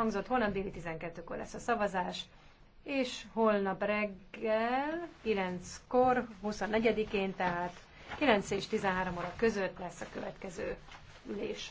hangzott, holnap déli 12-kor lesz a szavazás, és holnap reggel 9-kor, 24-én, tehát 9 és 13 óra között lesz a következő ülés.